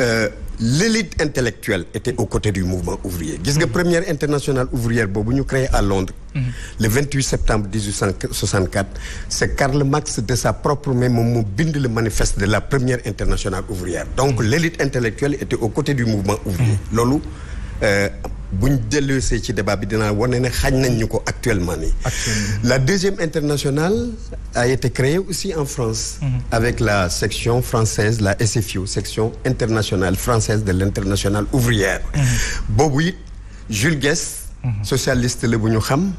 euh, l'élite intellectuelle était aux côtés du mouvement ouvrier gis nga mm -hmm. première internationale ouvrière boobu ñu créé à Londres mm -hmm. le 28 septembre 1864 c'est Karl Marx de sa propre main moom mu bind le manifeste de la première buñ delloosee ci débat bi dinaa wane ne xañ nañu ko actuellement nii. la deuxième internationale a été créée aussi en France. Mm-hmm. avec la section française la SFIO section internationale française de l'internationale ouvrière. Mm-hmm. boobu it Jules Guesde. Mm-hmm. socialiste la bu ñu xam.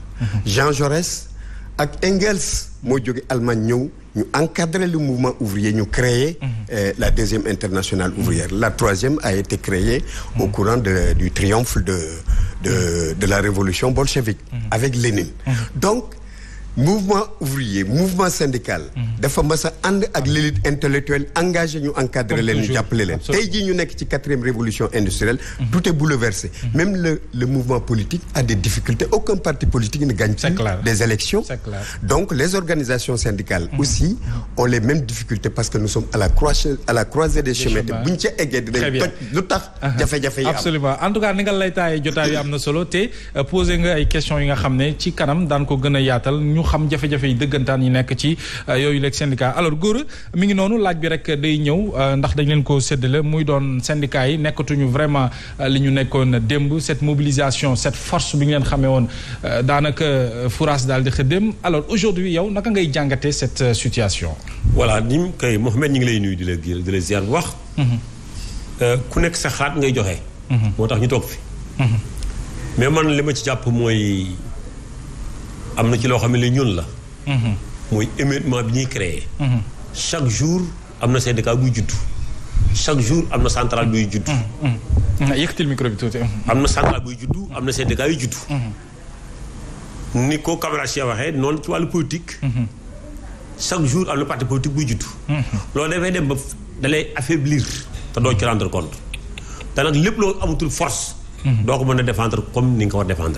Jean Jaurès ak Engels moo jóge Allemagne ñëw. ñu encadrer le mouvement ouvrier ñu créer mhm. euh, la deuxième internationale ouvrière la troisième a été créée au mhm. courant de, du triomphe de de de la révolution bolchevique mhm. avec Lénine donc mouvement ouvrier mouvement syndical. Mhm. dafa mas a ànd ak l'élite intellectuelle engagé ñu encadré leen ñu jàppale leen tey jii ñu nekk ci quatrième révolution industrielle mhm. tout est mhm. même le mouvement politique a des difficultés aucun parti politique ne gagne plus des élections donc les organisations syndicales aussi ont les mêmes difficultés parce que nous sommes à la croisée des chemins te buñ ca eggee dinañ toj lu tax jafe-jafe yi am absolument en tout cas ni euh, a xam jafe-jafe yi dëggantaan yi nekk ci euh, yooyu leeg syndicat alors góor mi ngi noonu laaj bi rek day ñëw euh, ndax dañ leen ko séddale muy doon syndicat yi nekkatuñu vraiment euh, li ñu nekkoon démb cette mobilisation cette force bi ñu xamee woon daanaka fourage daal di xëddéem alors aujourd'hui yow naka ngay jàngatee cette situation voilà nim kay Mohamed ñu ngi lay nuyu di la di la ziar bu wax mm-hmm. ku nekk sa xaat ngay joxe mm-hmm. moo tax fi mm-hmm. mais li ma ci jàpp mooy am na ci loo xam ne ñun la. mooy mhm. émiettement bi ñuy créer mhm. chaque jour am na syndicat buy judd. chaque jour am na centrale buy judd. Mhm. yëkkatil micro bi am na centrale buy judd am ni ko Camara Cheikh waxee noonu ci wàllu politique. chaque jour am na parti politique buy judd. loolu dafay dem ba dalay affaiblir te doo ci rendre compte te nag lépp loo amatul force. doo ko mën a défendre comme ni nga ko war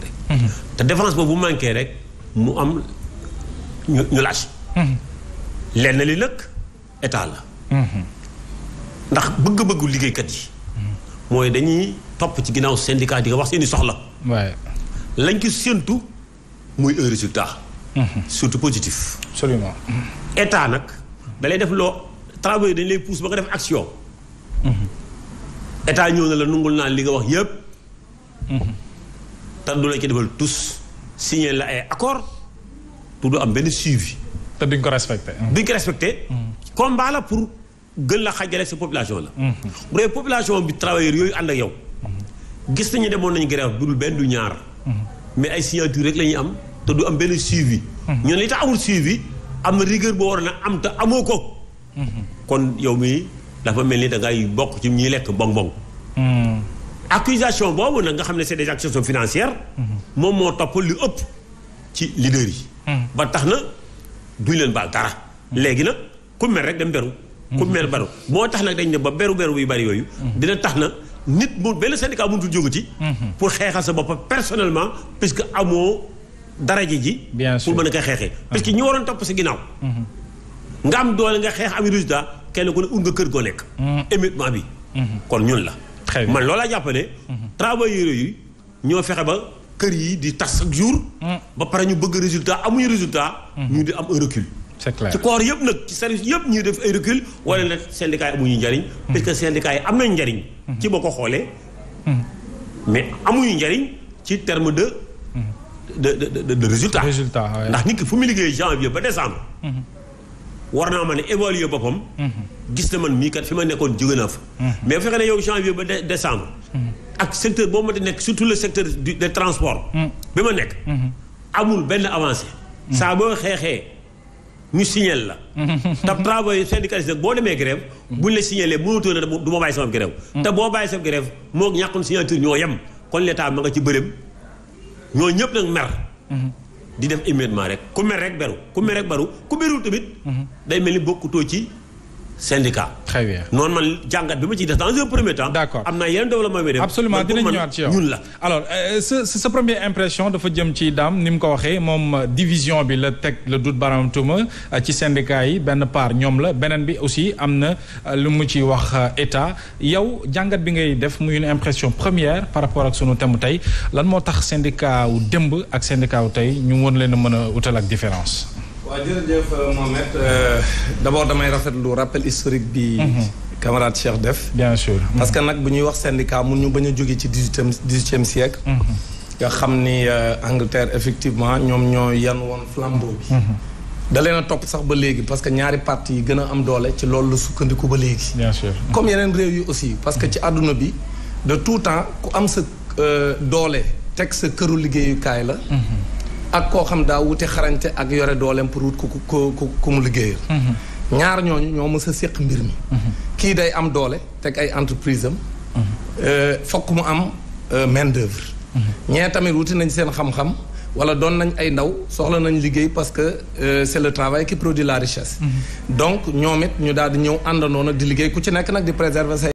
te défense boobu bu manqué rek. mu am ñu ñu laaj. Mm-hmm. lenn li nag état la. Mm-hmm. ndax bëgg-bëggu liggéeykat yi. Mm-hmm. mooy dañuy topp ci ginnaaw syndicat di nga wax seeni soxla. waaye lañ ci séentu muy un résultat. surtout positif. absolument état nag da def loo travail dañ lay pouse ba nga def action. état ñëw na la nungul naa li nga wax yëpp. te du la ci defal tous. signé la ay accord te du am benn suivi. te duñ ko respecté. duñ ko respecté. combat la pour gën la xajale sa population la. Mm-hmm. bu dee population bi travailleur yooyu ànd ak yow. Mm-hmm. gis nañu demoon nañu grève bu dul benn du ñaar. Mm-hmm. mais ay signature rek la ñuy am te du am benn suivi. ñoo li tax amul suivi am na rigueur boo waroon a am te amoo ko. kon yow mii dafa mel ni da ngay bokk ci ñuy lekk bong bong. accusation boobu nag nga xam ne c'est des actions financières moom moo topp lu ëpp ci leader yi ba tax na duñ leen baal dara léegi nag ku mer rek dem beru ku mer beru moo tax nag dañ ne ba beru beru yu bari yooyu dina tax na nit mu benn syndicat mënutul jógu ci pour xeexal sa bopp personnellement puisque amoo daraja ji pour mën a koy xeexee parce que ñi waroon topp si ginnaaw nga am doole nga xeex am résultat kenn ku ne ut nga kër goo lekk mm. émitement bi kon ñun la très bien man loolaa jàpp ne. travailleurs yooyu ñoo fexe ba kër yi di tas chaque jour. Mm. ba pare ñu bëgg résultat amuñu résultat. Mm. ñu di am un recul. c'est ci corps yëpp nag ci service yëpp ñuy def ay recul wala nag syndicats yi amuñu njariñ. Mm. parce que syndicats yi am nañu njariñ. ci boo ko xoolee. mais amuñu njariñ ci terme de. de de de résultat. résultat ndax nit ki fu mu liggéey janvier ba décembre. Mm-hmm. war naa mën a évaluer boppam. gis na man mii kat fi ma nekkoon jóge naa mais bu fekkee ne yow janvier ba de ak secteur boo ma nekk surtout le secteur du des transports. bi ma nekk. amul benn avancée. saa boo xeexee ñu signal la. te travail syndicaliste nag boo demee grève buñ la signalee mënatoo na du ma bàyyi sama grève. te boo bàyyi sama grève moo ñàkkum signature ñoo yem kon l'état ma nga ci bërëm ñoo ñëpp nag mer. di def immédiatement rek ku mer rek beru ku mer rek beru ku berul tamit. Mhm. day mel ni bokkutoo ci. syndicat. très bien noonu man jàngat bi ma ciy def dans un premier temps. am na yeneen développement bi dem. absolument dinañ ñëwaat ci la. alors sa sa première impression dafa jëm ci daam ni mu ko waxee moom division bi la teg la dut baram tuuma euh, ci syndicat yi benn part ñoom la beneen bi aussi am na euh, lu mu ci wax euh, état yow jàngat bi ngay def muy impression première par rapport ak sunu thème tey lan moo tax syndicat wu dëmb ak syndicat wu tey ñu woon leen a mën a utal ak différence. waaw jërëjëf euh, Mohamed euh, d'abord damay rafetlu rappel historique bi. Mhm. camarade Cheikh def. bien mhm. parce que nag bu ñuy wax syndicat mun ñu bañ a jóge ci dix-huitième dix-huitième siècle. Mhm. nga xam ni euh, Angleterre effectivement ñoom ñoo yan woon flambeau bi. da leen a topp sax ba léegi parce que ñaari parti yi gën a am doole ci loolu sukkandiku ba léegi. bien comme yeneen réew yi aussi. parce que ci àdduna bi de tout temps ku am sa doole teg sa këru liggéeyukaay la. ak koo xam daa wute xarañte ak yore dooleem pour wut ku ku ku ku mu liggéeyal. Mhm. ñaar ñooñu ñoo mës a séq mbir mi. Mhm. kii day am doole teg ay entreprise am. Mhm. Euh, fokk mu am euh, main d'œuvre. ñee tamit wuti nañ seen xam-xam wala doon nañ ay ndaw soxla nañ liggéey parce que euh, c'est le travail qui produit la richesse. donc ñoom ñu daal ñëw àndandoo di liggéey ku ci nekk nag di préserver say.